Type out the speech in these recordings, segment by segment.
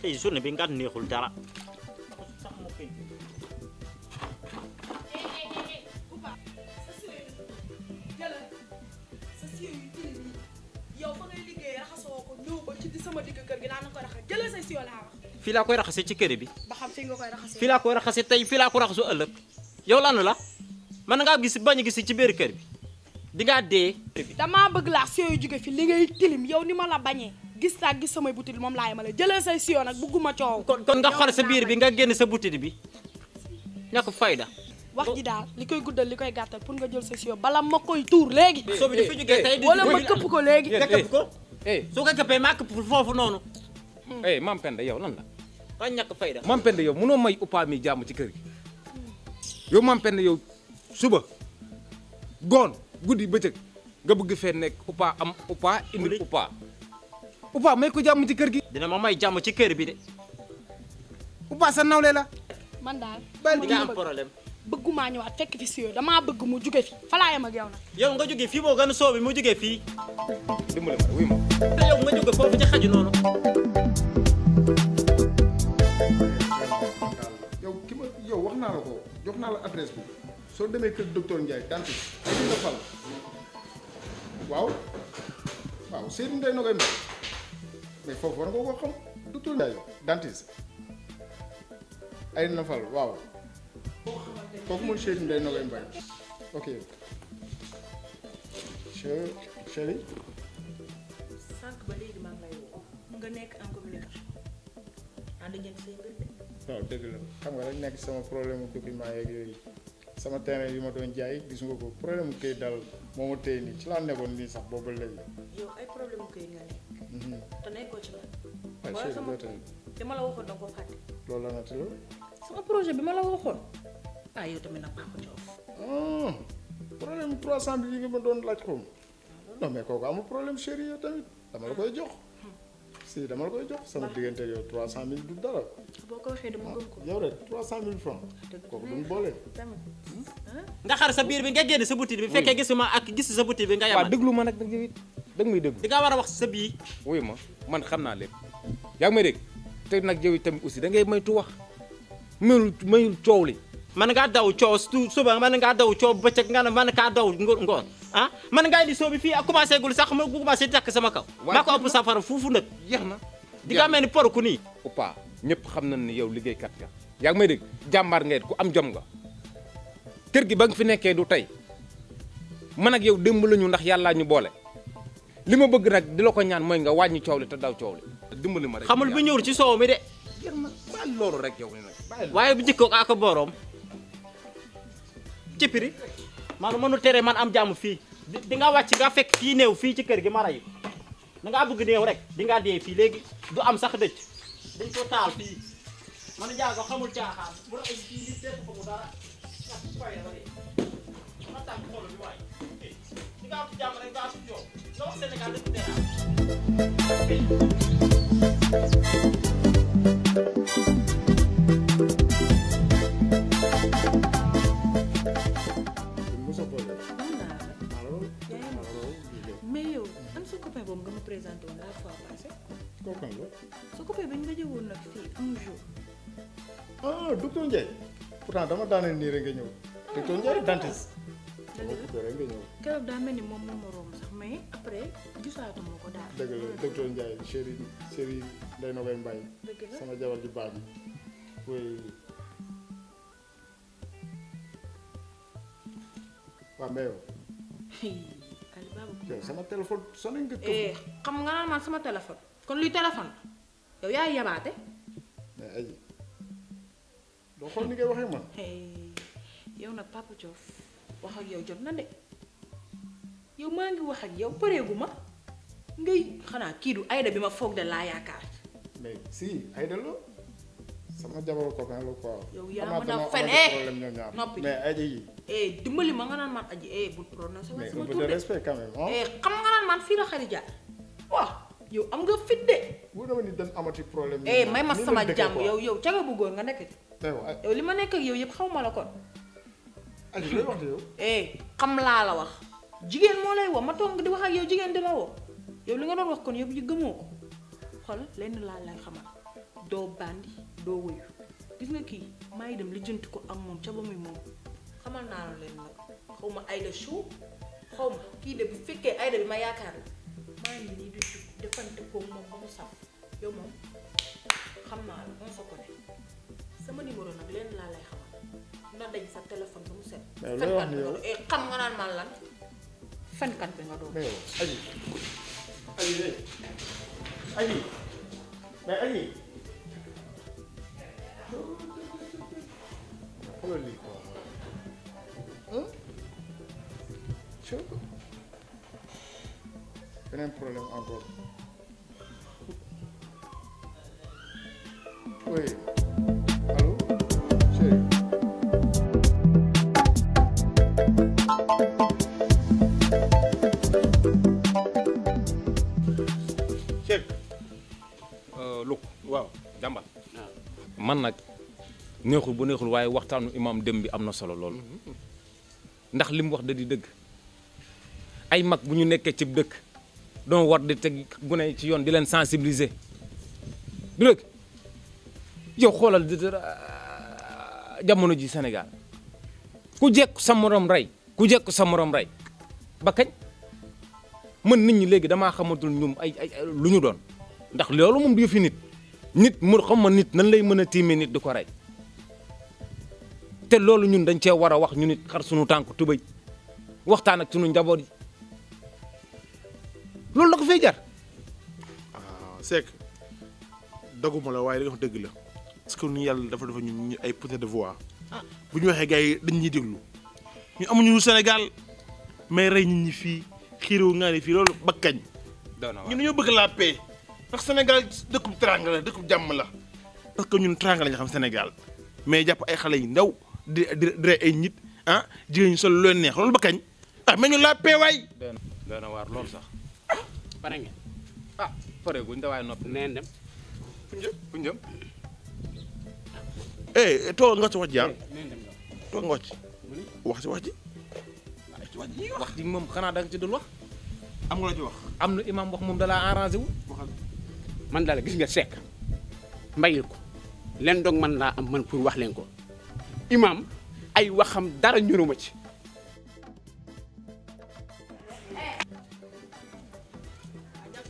te journée bi nga neexul dara fii laa koy raxase ci kër bi fii laa koy raxase tey fii laa ko raxasu ëllëg yow lan la man ngaa gis bañ gis ci biir kër bi di ngaa dee. damaa bëgg laa sooy jóge fi li ngay tilim eh, yow ni ma la bañee gis naa gis samay butit moom laay ma la jëlee say siyo nag bugguma coow. kon kon nga xar sa bi nga génn sa butit bi ñàkk fayda. wax ji daal li koy guddal li koy gàttal pour nga jël sa siyo bala ma koy tuur léegi. bi dafa jógee wala ma këpp ko léegi. nga këpp ko soo ko këppee eh mam pende yow lan la. maa ñàkk fayda. Mam pende yow munoo may uppaa mi jàmm ci kër gi yow maam Penda yow suba gon guddi bëccëg nga bëgg fee am uppaa indi uppaa upa may ko jamu ci kër gi. dina ma may jamu ci kër bi de. upa sa nawle la. man dal daal di nga am problème. bëgguma ñëwaat fekk fi si dama bëgg mu juggé fi fa laa yem ak yow nak yow nga juggé fi boo gën a soobi mu jóge fii. dimbali ma wuy mo yow nga juggé fofu ci xaju nonu yow ki ma yow wax na la ko jox na la adresse bi so démé kër docteur ndjay tanti bi. Serigne fal Fall waaw waaw Serigne Ndeye Nogay Mbaye. mais foofu war nga ko xam docteur Ndiaye dentiste ay na fal waaw kooku mooy Cheikh Ndeye nga nekk en waaw dëgg la xam nga rek nekk sama problème mu document yeeg yooyu sama terrain yi ma doon jaay gis nga ko problème këy dal moo ma téye nii ci laa nekkoon nii sax boobu léegi. yow Mhm. E te nekkoo ci man. waaye sama bi ma la waxoon da nga ko fàtte. loolu la nati la. sama projet bi ma la waxoon. problème 300 bi yi nga ma doon laaj ko. non mais kooku amul problème chéri yow tamit dama la koy jox. si dama la koy jox sama diggante yow 300000 du dara. boo ko waxee dama gëm ko. yow de 300000 ya, francs. kooku duñ boole. nga xar sa biir bi nga génn sa boutique bi. bu fekkee gisuma ak gis sa boutique bi nga yamal. waaw déglu ma nag dëgg muy déglu. di nga war a wax sa biir. wuyu ma man xam naa lépp. yaa ngi may dégg te nag yow tamit aussi da ngay maytu wax mayul mayul coow li. man ngaa daw coow suba man ngaa daw coow bëccëg nga ne man kaa daw ngoon ah man ngay di soobi masih ak commencé gul sax ma commencé tak sama kaw mako ko safara fufu nak yexna di nga ini por ku ni opa ñëpp xam xamna ni yow liggéeykat ya yaa ngi may deg jambar nga ku am jom nga keur gi ba nga fi nekké du tay man ak yow demb lañu ndax yalla ñu bolé lima bëgg nag di ko ñaan moy nga wàññi coow li te daw li dimbali ma rek xamul bu ñëwul ci soow mi de ba lolu rek yow waye bu jikko ak borom ci piri man mënu téré man am jamm fi. di nga wàcc nga fekk fii new fii ci kër gi ma rey da ngaa bëgg néew rek di nga dee fii léegi du am sax dëj dañ ko taal fii man jaago xamul caaxaan bu ay mu dara ndax su fay la rek ma tànk xoolal am présenté woon la fois passée. kooku am na. su ko fee ba ñu daje woon nag un jour. ah docteur Ndiaye pourtant dama daaneel ni rek nga ñëw. Ah, docteur Ndiaye dentiste. dëgg la rek nga ñëw. keroog daa mel ni moom morom ma romb sax mais après gisaatuma ko daal. dëgg la docteur Ndiaye chéri chéri Ndeye Nogaye Mbaye. dëgg sama jabar ju baax ji. oui. waaw mais sama téléphone sonné nga. Eh, xam nga naan man sama téléphone kon luy téléphone yow yaay yabaate. mais eh, doo xool ni ngay waxee man. Eh, yow nag Papa Diouf wax ak yow jot na de yow maa ngi wax ak yow pareegu ma ngay xanaa kii du Aïda bi ma foog de laa yaakaar. mais si Aïda loo. sama jabar ko kan lo ko yow yaa mën a fen eh noppi mais aji yi eh dimbali ma nga nan man aji eh bu prononcer sama sama tur de respect quand même eh xam nga nan man fi la kharija wa yow am nga fit de bu dama ni dan amati problème eh may ma sama jam yow yow ca nga bu bëggoon nga nek ci yow li ma nekk ak yow yeb ya, xawma la kon aji lay wax yow eh xam la la wax jigen mo lay woo ma tong di wax ak yow jigen di la woo yow li nga don wax kon yëpp yi gëmoo xol len la lay xamal do bandi doo wuyu gis nga kii maa ngi dem lijjanti ko ak moom ca ba muy moom xamal naa la leen nag xaw ma Aida Chou xaw ma kii de bu fekkee Aida bi ma yaakaar la maa ngi nii di defante ko moom ba mu saf yow moom xam naa la on se connaît sama numéro nag leen laa lay xamal na dañ sa téléphone ba mu set. mais loo wax ni yow eh, xam nga naan man lan fenkat bi nga doon. mais yow Aji Aji Aji mais Aji. Puro lico, amor. ¿Eh? Tienen problema, amor. Oye. ¿Aló? Sí. man nag neexul bu neexul waaye waxtaanu imaam dem bi am na solo loolu ndax li mu wax da di dëgg ay mag bu ñu nekkee cib dëkk doon war di teg gune ci yoon di leen sensibiliser du dëgg yow xoolal jamono ji Sénégal ku jekk sa moroom rey ku jekk sa morom rey ba kañ mën nit ñi léegi damaa xamatul ñum ay ay lu ñu doon ndax loolu moom du yëfi nit nit mu xam ma nit nan lay mën a tiimee nit du ko rey te loolu ñun dañ cee war a wax ñu nit xar suñu tànk tubay waxtaan ak suñu njaboot yi loolu la ko fay jar. ah Seck daguma la waaye li nga dëgg la parce que ñun yàlla dafa dafa ñun ay porteurs de voix ah. bu ñu waxee gars dañ ñuy déglu ñu amuñu Sénégal mais rey fii xiiroo nga ne fii loolu bakkañ. ñun dañoo bëgg la paix ndax Sénégal dëkkub teraanga la dëkkub jàmm la parce que ñun teraanga la ñu xam Sénégal mais jàpp ay xale yi ndaw. di di rey ay nit ah jigéen ñu sol lu leen neex loolu ba kañ ah mais laa peewaay. doy loolu sax. pare ngeen ah pare guñ da waaye noppi neen dem. fu eh, toog nga ci wax ji ah. Eh, toog nga ci wax ci wax ji. wax ji moom xanaa da nga ci dul wax. am nga wax. am na imaam moom dala arrangé wu. man daal gis nga sekk mbayil ko leen dog man laa am man pour wax leen ko. imam ay waxam dara ñoruma ci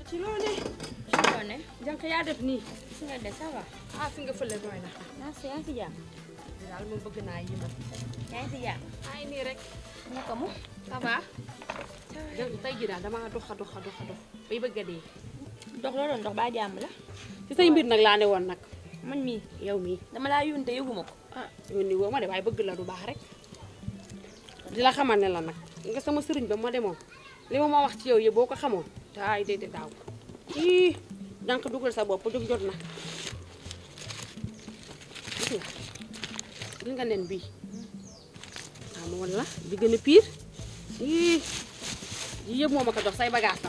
ci loone ci loone jànq yaa def nii si nga de ça ah fi nga fële doy na merci yaa ngi daal moom bëgg naa yi ma yaa ngi si jàmm ay nii rek dox a dox a dox a dox bay dee dox loo dox baa jàmm la ci say mbir nag laa ne woon nag man mii yow mii dama laa yónni te yëguma ko ah yónni woo ma de waaye bëgg la du baax rek di la xamal ne la nag nga sama sëriñ ba ya demoon li ma ma wax ci yow yi boo ko xamoon taay déedéet daaw ii dànk dugal sa bopp jóg jot na gis nga gis nga nen bii waaw wala bi gën a piir ii yi yëpp moo ma ko jox say bagage la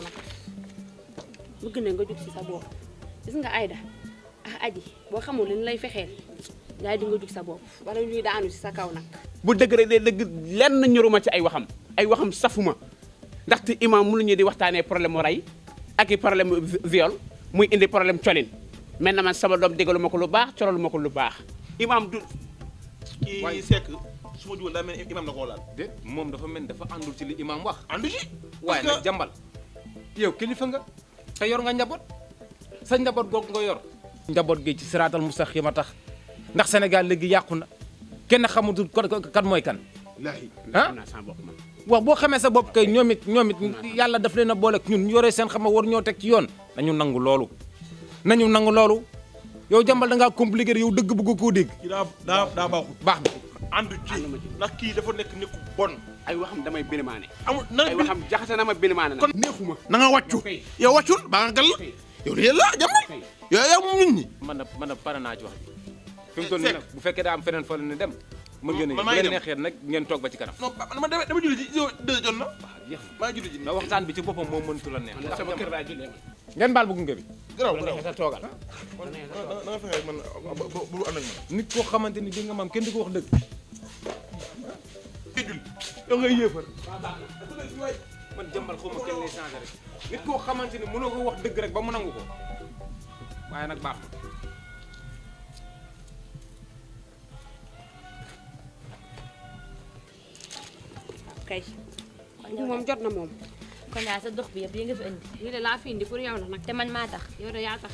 bëgg na nga jóg si sa bopp gis nga Aida ah aji boo xamul li lay fexeel ngay di nga jug sa bopp wala ñuy daanu si sa kaw nag. bu dëgg rek de dëgg lenn ñoruma ci ay waxam ay waxam safuma ndaxte imam mu ñu di waxtaanee problème mu rey ak i problème mu viol muy indi problème colin mel na man sama doom déggaluma ko lu baax cololuma ko lu baax. imam du kii sekk su ma mel imam na koo laal. déet moom dafa mel dafa àndul ci li imam wax. àndu ci waaye nag jàmbal yow kilifa nga te yor nga njaboot sa njaboot googu nga yor. njaboot gi ci siraatal mustaqiim a tax. ndax Sénégal léegi yàqu na kenn xamatul kat mooy kan. ah wax boo xamee sa bopp kay ñoom it ñoom it yàlla daf leen a boole ak ñun yore seen xama war ñoo teg ci yoon nañu nangu loolu nañu nangu loolu yow jàmbal da ngaa compliqué yow dëgg bëgg koo dégg. kii daa daa baaxul baax na. ànd ci ndax kii dafa nekk nit ku bon. ay waxam damay bilimaane. amul nan ay waxam jaxase na ma bilimaane nag. kon neexuma na nga wàccu. yow wàccul baa nga gal yow lii la jàmbal. yow yaa moom nit ñi. man na man na pare naa ci wax fi mu toll nii nag bu fekkee am dem mën ngeen bu leen neexee ngeen toog ba ci kanam non dama dama julli ji deux jot na maa julli ji waxtaan bi ci boppam moo mëntu la neex ngeen baal bu gunge bi garaaw garaaw sa toogal danga fexe man bu ànd ak nit koo xamante ni nga maam kenn di wax dëgg jul yow ngay yéefar man jàmbal nit wax rek ba mu baax kay. moom jot na moom. kon daal sa dox bi yëpp yi nga fi indi. laa fi indi pour nag. te man maa tax. yow de yaa nga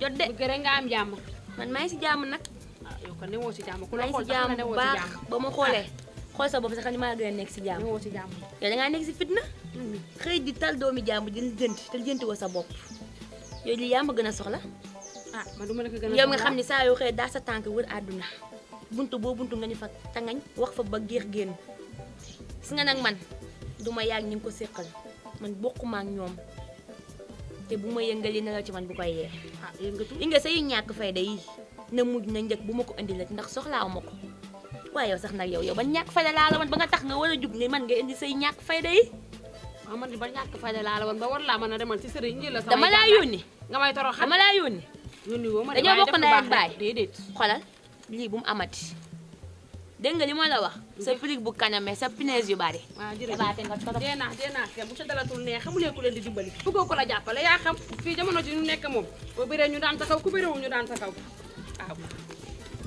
jot de. bu nga am jàmm. man maa ngi si jàmm nag. Ah, kon ne woo si jàmm ku la xool sax ne woo si ba ma xoolee. xool sa bopp sax ni maa gën a nekk si jàmm. ne woo jàmm. yow da nekk si fitna. Mm-hmm. xëy di tal doomi jàmm di jënd te jënd woo sa bopp. yow lii yaa ma gën a soxla. ah du ma la ko gën nga xam ne saa yoo xëy daa sa tànk wër àdduna buntu boo buntu ngañu fa tangañ wax fa ba geex génn gis nga nag man duma yaag ñi ko séqal man bokkuma ak ñoom te bu ma yëngalee na la ci man bu koy yee ah yëngatu li nga say ñàkk fayda yi na mujj na njëkk bu ma ko indi la ndax soxlaaw ma ko waaye yow sax nag yow yow ban ñàkk fayda laa la woon ba nga tax nga war jug ni man nga indi say ñàkk fayda yi waaw ah, man ba ñàkk fayda laa la woon ba war laa mën a demal ci sëriñ la sama dama laa yónni nga may toroxal dama laa yónni yónni woo ma dañoo bokk na ak baay déedéet xolal lii bu mu amati dégg nga li ma la wax. sa pirig bu kaname sa punaise yu bari. waaw ah, jërëjëf dee naa dee naa bu sa dalatul neex xamulee ku leen di dimbali. bëggoo ko la jàppale yaa fii jamono ji ñu nekk moom bu bëree ñu daan sa kaw ku bëreewul ñu daan sa kaw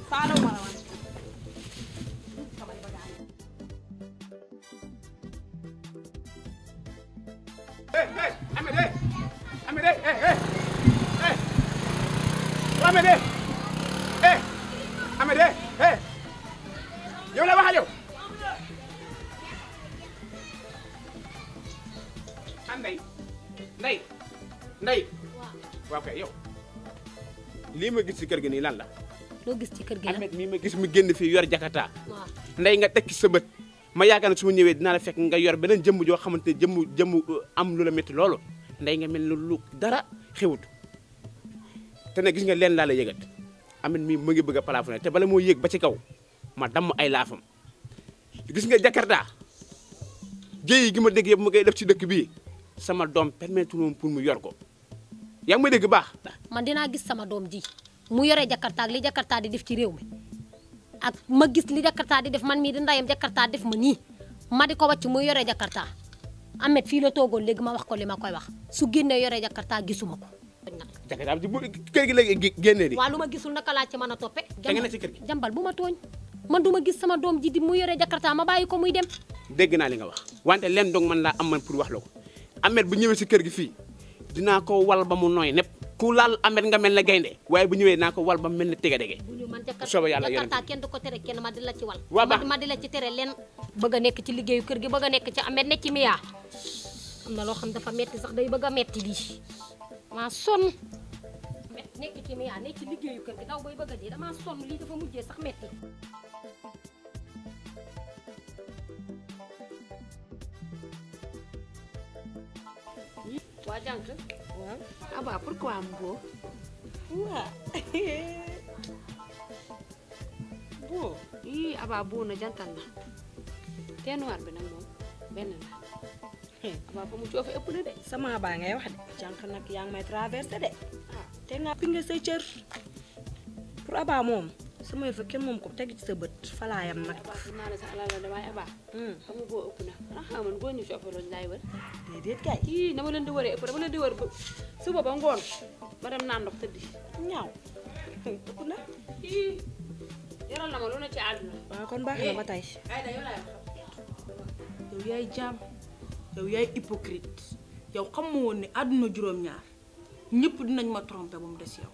ma la wax. Hey, hey, Amady, Amady, hey, hey, hey, Amady. Amady eh, eh. yow la waxal lii ma gis ci kër gi nii lan la. loo mii ma gis mu génn fii yor jakata. waaw nga tekki sa bët ma yaakaar ne su ma ñëwee dinaa la fekk nga yor beneen jëmm joo xamante ne jëmm jëmm am lu la métti loolu Ndeye nga mel ne lu dara xewut te ne gis nga leen laa la yëgat. amet mii mu ngi bëgg a plafonné te bala moo yéeg ba ci kaw ma damm ay laafam gis nga jakarta jéyi gi ma dégg yëpp mu def ci dëkk bii sama doom permettre moom pour mu yor ko yaa ngi may dégg baax man dinaa gis sama doom ji mu yore jakarta li jakarta di def ci réew mi ak ma gis li jakarta di def man mii di ndayam jakarta def ma nii ma di ko wàcc mu yore jakarta amet fii la toogoon léegi ma wax ko li ma koy wax su génnee yore jakarta gisuma ko toj nag jagataam ci kër gi léegi génne di waa lu ma gisul naka laa ci mën a toppe ci kër gi jambal bu ma tooñ man duma gis sama doom ji di mu yore jakarta ma bàyyi muy dem dégg naa li nga wax wante leen dong man laa am man pour wax la ko amet bu ñëwee si kër gi fii dinaa ko wal ba mu nooy nepp ku laal amet nga mel ne gaynde waaye bu ñëwee dinaa ko wal ba mu mel ne tege dege man sooba yàlla yéen jakarta kenn du ko tere kenn ma di la ci wal waa baax ma di la ci tere leen bëgg nekk ci liggéeyu kër gi bëgg nekk ci amet ne ci miyaa am na xam dafa metti sax day bëgg metti lii maa sonn métti nekk ci mais nekk ci liggéeyu kër gi daw bay bëgg a dee son li lii dafa mujjé sax metti métti waa jànk wa aba pourquoi am bo wa bo ii aba bo na jantal na teenuwaar bi nak mom benn la amaa fa mu coofe ëpp na sama baa nga wax de jànq nag yaa ngi may traversé de ah. te naa pi nga say cër pour abaa moom sama yëf moom ko teg ci sa bët falaayam nag naa ne sa alal la de waaye abaa hmm. nga ah, man góor ñu coofe loolu laay wër déedéet kay kii dama leen di wëree ëpp dama leen di wër ba suba ba ngoon ma dem naa ndox tëddi ñaaw ëpp na kii yoral na ma lu ne ci kon baax na ba tey yow yaay yow yaay hypocrite yow xam ma woon ni àdduna juróom-ñaar ñëpp dinañ ma tromper ba mu des yow.